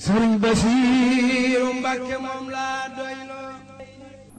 sëriñ Basiiru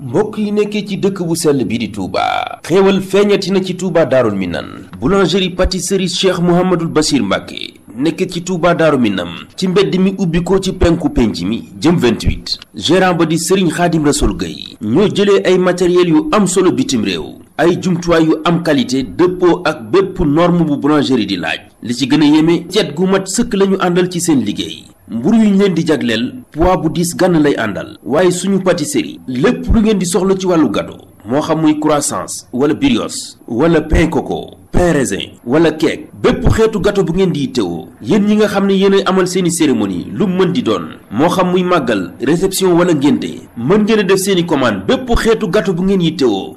mbokk yi nekkee ci dëkk bu sell bi di Touba. xéewal feeñati na ci Touba Daarul Minan boulangerie pâtisserie Cheikh Mouhamadul Bachir Mbàkke nekk ci Touba Daaru Minam ci mbedd mi ubbi ko ci penku penc mi jëm 28 gérant ba di sëriñ Xaadim Rasul Gueye ñoo jëlee ay matériel yu am solo bitim réew ay jumtuwaay yu am qualité dëppoo ak bépp norme bu boulangerie di laaj li ci gën a yéeme cet gu mat sëkk lañu àndal ci seen liggéey mburu yu ñu di jagleel poids bu diis gann lay àndal waaye suñu pâtisserie lépp lu ngeen di soxla ci wàllu gato moo xam muy croissants wala brioche wala pain coco pain raisin wala cake bépp xeetu gato bu ngeen di teewoo yéen ñi nga xam ne yéen amal seeni cérémonie lu mën di doon moo xam muy màggal réception wala ngénte mën ngeen a def seeni commande bépp xeetu gâteau bu ngeen yi teewoo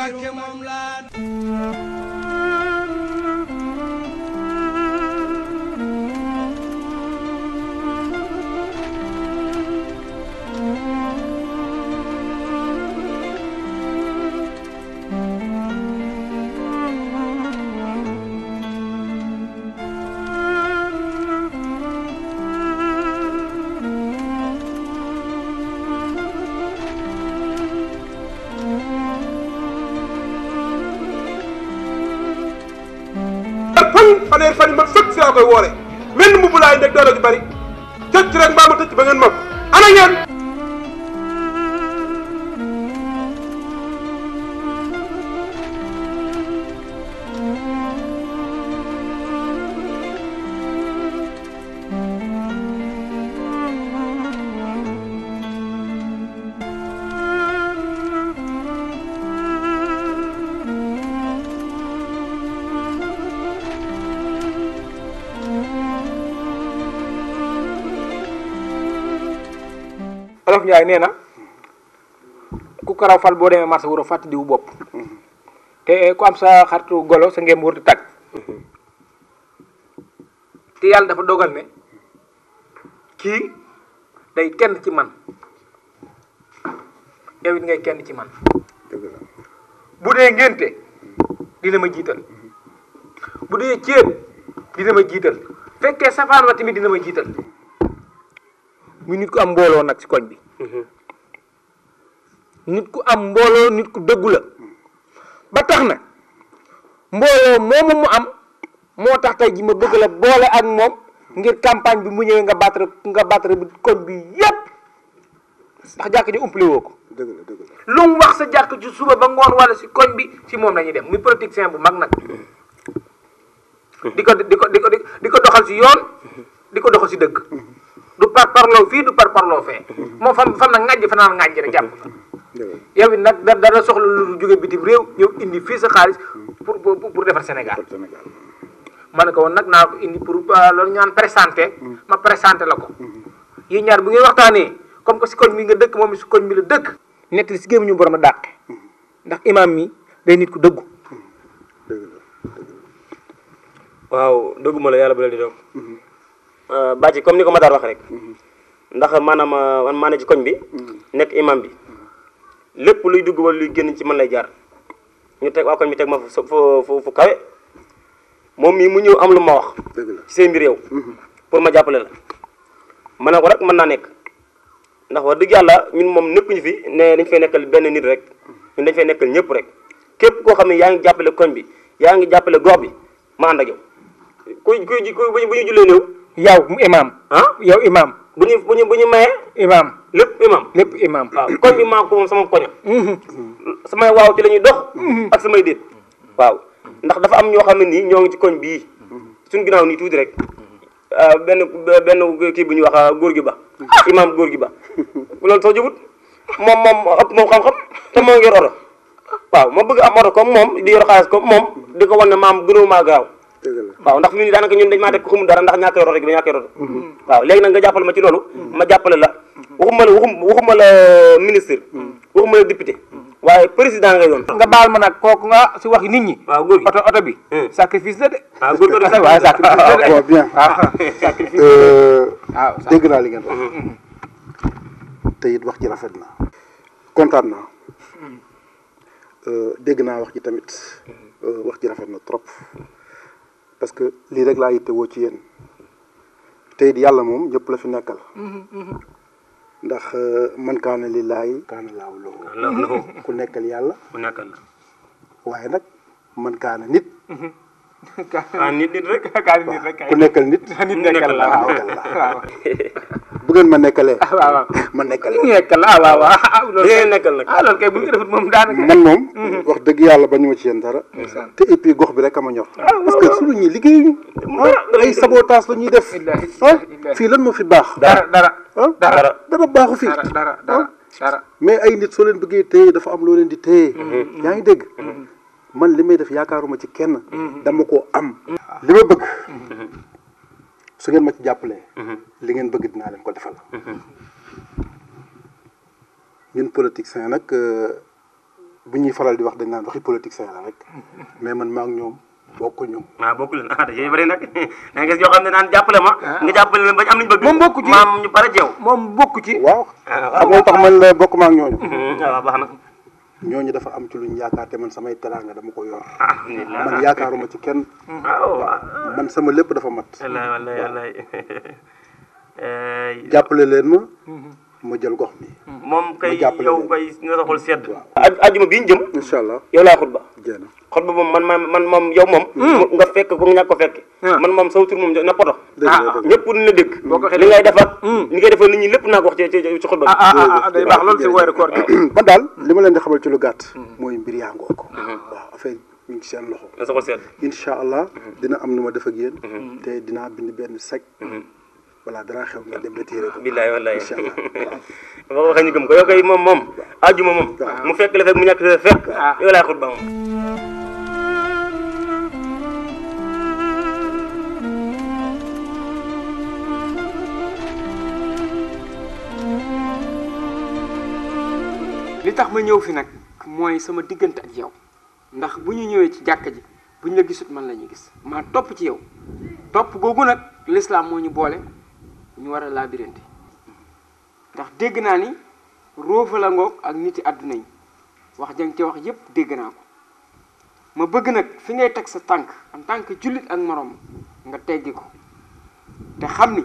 Mbàkke moom la fan fanweeri fan yi man sëkk si laa koy wooree mel ni mbubb laay nekk doole ju bari jot ci rek mbaa ma tëcc ba Wolof Njaay nee na ku karaw fal boo demee marché wuro fàtt diwu bopp te ku am sa xaritu golo sa ngeen wërtu tàgg te yàlla dafa dogal ne kii day kenn ci man yow it ngay kenn ci man bu dee ngénte dina ma jiital bu dee ceeb dina ma jiital fekkee safaan wa dina ma jiital muy nit ko am mbooloo nag ci koñ bi Mm-hmm. nit ku am mbooloo nit ku dëggu la ba tax na mbooloo moomu mu am moo tax tey ji ma bëgg la boole ak moom ngir campagne bi mu ñëwee nga battre nga battre bi koñ bi yépp ndax jàkk ji umpale woo ko dëgg lu mu wax sa jàkk ci suba ba ngoon wala si koñ bi ci moom la ñuy dem muy politicien bu mag nag mm-hmm. di ko di ko di ko di ko doxal si yoon di ko doxal si dëgg par parloo fii du par parloo fee moom fan fam na ŋàjj fan naan ŋàjj rek jàpp yow it nag da dana soxla lu jóge bitim réew ñëw indi fii sa xaalis pour pour defar Sénégal ma ne ko woon nag naa ko indi pour euh, loolu ñaan présenté ma presente la ko mm-hmm. yi ñaar bu ngeen waxtaanee comme que si koñ bi nga dëkk moom si koñ bi la dëkk nett li si ñu borom a dàqe mm-hmm. ndax imaam mi day nit ko dëggu mm-hmm. waaw dëggu la yàlla ba la di doom Euh, bàcci comme ni ko Matar wax rek mhm. ndax maanaam euh, man maa ne ci koñ bi mhm. nekk imam bi lépp luy dugg wala luy génn ci man lay jaar ñu teg waa koñ bi teg ma fu fu kawe moom mii mu ñëw am lu ma wax ci seen mbir yow mhm. pour ma jàppale la ma ne ko rek mën naa nekk ndax wax dëgg yàlla ñun moom nekkuñu fi ne dañ fay nekkal benn nit rek ñun dañ fee nekkal ñëpp rek képp koo xam ne yaa ngi jàppale koñ bi yaa ngi jàppale gox bi ma ànd ak yow kuy kuy bu ñu jullee néew yow imaam. ah yow imaam. bu ñu bu ñu bu ñu maye. imaam lépp imaam. lépp imaam waaw koñ bi maa ko sama koña. Mm-hmm. samay waaw ci la ñuy dox. Mm-hmm. ak samay déet. waaw ndax dafa am ñoo xam ne nii ñoo ngi ci koñ bii. suñu ginnaaw nii tuuti rek. Ah, benn benn kii bu ñuy wax ah, góor gi ba. imaam góor gi ba. loolu soo jubut moom moom xam-xam te moo ngi yor waaw ma bëgg am oto comme moom di yor comme moom di ko wan ne maam gënoo maa gaaw. waaw ndax ñun daanaka ñun dañ maa def ko xamul dara ndax ñaakay roto gi ba ñaakay roto waaw léegi nag ma ci loolu mm-hmm. ma jàppale la mm-hmm. waxuma la waxum waxuma la euh, ministre mm-hmm. waxuma la député waaye président ngay doon nga baal ma kooku nga si wax nit ñi waaw góor bi eh. sacrifice la de waaw ah, góor waaw sacrifice ah, ah, euh, naa li ngeen wax te it wax ji rafet na kontaan naa euh, dégg naa wax ji tamit wax ji rafet na trop parce que lii rek laa yittewoo ci yéen tey it yàlla moom ñëpp la fi nekkal. Mhm, mhm. ndax euh, man kaana lillaahi kaana laahu lahu ku nekkal yàlla. waaye nag man kaana nit. Mhm. kaana nit nit ku nekkal nit. nit nekkal la bu ngeen ma nekkalee. ah waaw waaw ma nekkal la nekkal ah waaw waaw. Ah, loolu kay nekkal nag ah loolu kay bu ñu ko defut moom daanaka. man moom. Mhm. wax dëgg yàlla ba ñu ma ci yéen dara. te et puis gox bi rek a ma ñor. Ah, parce que suñu ñi liggéeyuñu. Ah, ay sabotage la ñuy def. ah fii lan moo fi baax. dara dara dara dara baaxu fi. dara dara dara mais ay nit soo leen bëggee téye dafa am loo leen di téye. Mhm. yaa ngi dégg. Mhm. man li may def yaakaaruma ci kenn. dama koo am. li ma bëgg. su ngeen ma ci jàppalee. li ngeen bëgg dinaa leen ko defal. ñun mhm. politiciens nag euh, bu ñuy faral di wax dañ naan waxi politiciens la rek mhm. mais man maa ñoom bokku ñu. waaw ah, bokku leen ah dañuy ma. Ah. nga leen am nañu bëgg. moom bokku ci maam moom ci waaw. ah moo tax man la bokk maa ngi ñooñu. Mhm. Ah, ñooñu dafa am ci luñ yaakaar te man samay teraanga dama ko yor. man yaakaaruma ci kenn. man sama lépp dafa mat. Euh, jàppale leen ma. moo mhm. jël gox bi. moom kay yow kay na sa xol sedd. waaw ajjuma bii ñu jëm. incha allah yow laa xutba. jéem moom man man man moom yow moom. Hmm. nga fekk ko nga ñàkk ko fekk. Ah. man moom saw tur moom na poto. Ah, ñëpp dina la dégg. boo ko xëy ni ngay hmm. lépp naa ko wax ci ci xutba ah, daal li ma leen di xamal ci lu gàtt. Hmm. mooy mbir yaa ngoo ko. waaw affaire ñu ngi seen loxo. na sa xol sedd. allah dina am nu ma def ak yéen. dinaa bind benn sec balaa dara xew ngeen dem retiré moom moom. ajuma moom. fekk la mu fekk. yow laay li tax ma ñëw fi nag mooy sama diggante ak yow ndax bu ñu ñëwee ci jàkka ji bu ñu la gisut man la ñuy gis maa topp ci yow topp googu nag lislaam moo ñu boole ñu war a laabirante ndax dégg naa ni róofa la ngoog ak niti àdduna yi wax jang ci wax yépp dégg naa ko ma bëgg nag fi ngay teg sa tànk en tant que jullit ak moroom nga teggi ko te xam ni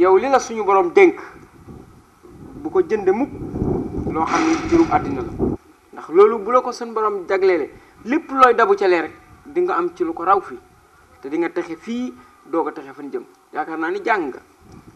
yow li la suñu borom dénk bu ko jënde mukk loo xam ni jurub àddina la ndax loolu bu la ko seen borom jagleele lépp looy dabu ca lee rek di nga am ci lu ko raw fii te di nga texe fii doo ko texe fan jëm yaakaar naa ni jàng nga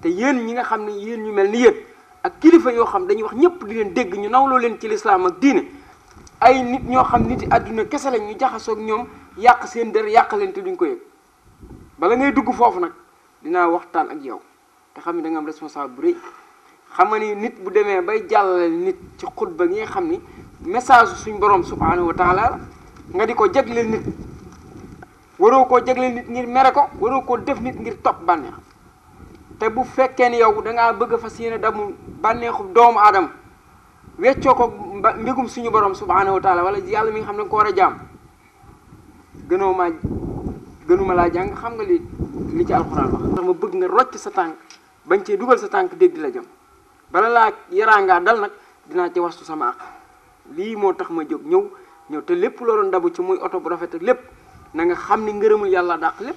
te yéen ñi nga xam ne yéen ñu mel ni yéen ak kilifa yoo xam dañuy wax ñëpp di leen dégg ñu nawloo leen ci lislaam ak diine ay nit ñoo xam nit yi àdduna kese lañ ñu jaxasoog ñoom yàq seen dër yàq leen te duñ ko yëg bala ngay dugg foofu nag dinaa waxtaan ak yow te xam ne da am responsable bu rëy xam nga ni nit bu demee bay jàllale nit ci xutba gi nga xam ni message suñ borom subhanahu wa taala nga di ko jagleel nit waroo koo jagleel nit ngir mere ko waroo koo def nit ngir topp bànneex te bu fekkee ni yow dangaa bëgg a fas yéene damu bànneexu doomu aadama weccoo ko mbégum suñu borom subhaanahu wa taala wala yàlla mi xam ne ko war a jàmm gënoo maa gënuma laa jàng xam nga li li ci alxuraan wax ma bëgg nga rocc sa tànk bañ cee dugal sa tànk dégg la jëm bala laa yaraangaa dal nag dinaa ci wastu sama àq lii moo tax ma jóg ñëw ñëw te lépp loo doon dabu ci muy oto bu rafet ak lépp na nga xam ni ngërëmul yàlla dàq lépp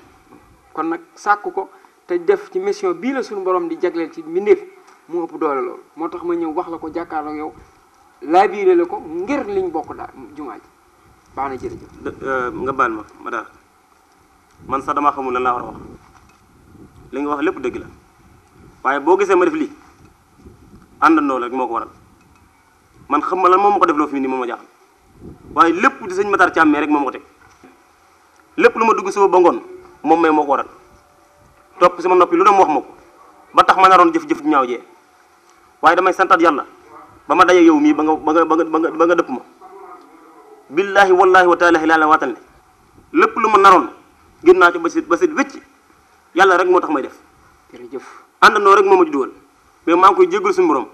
kon nag sàkk ko te def ci mission bii la suñu borom di jagleel ci mbindeef mu ëpp doole loolu moo tax ma ñëw wax la ko jàkkaarloo yow laa biire la ko ngir liñ bokk daal jumaa ji baax na jërëjëf. Euh, nga baal ma ma man sax dama xamul lan laa war a wax li nga wax lépp dëgg la waaye boo gisee ma def lii àndandoo la rek moo ko waral man xam ma lan moom ma ko def loo fi nii moom ma jaaxal waaye lépp di sëñ Matar Thiam rek moom ma ko teg lépp lu ma dugg suba ba ngoon moom may moo ko waral. topp sama noppi lu ne mu wax ma ko ba tax ma naroon jëf-jëf ju ñaaw jee waaye damay santat yàlla ba ma daje yow mii ba nga ba nga ba nga ba nga dëpp ma billaahi wallaahi wa taalaahi laa la waatal ne lépp lu ma naroon gën naa ci ba sit ba sit wécc yàlla rek moo tax may def jërëjëf àndandoo rek moo ma judduwal mais maa ngi koy jéggal suñu borom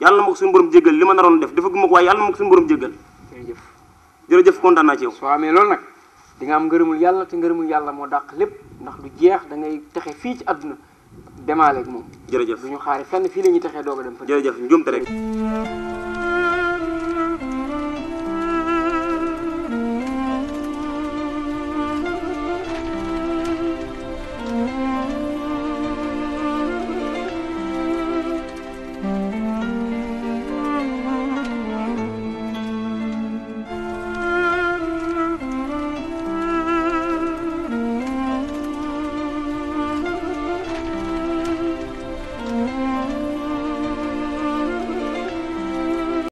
yàlla na ma ko suñu borom jéggal li ma naroon def dafa guma ko waaye yàlla na ma ko suñu borom jéggal jërëjëf jërëjëf kontaan naa ci yow soo amee loolu nag di nga am ngërëmul yàlla te ngërëmul yàlla moo dàq lépp ndax du jeex dangay texe fii ci àdduna demaaleeg moom. jërëjëf du ñu xaari fenn fii la ñuy texee doog a dem. jërëjëf njuumte rek.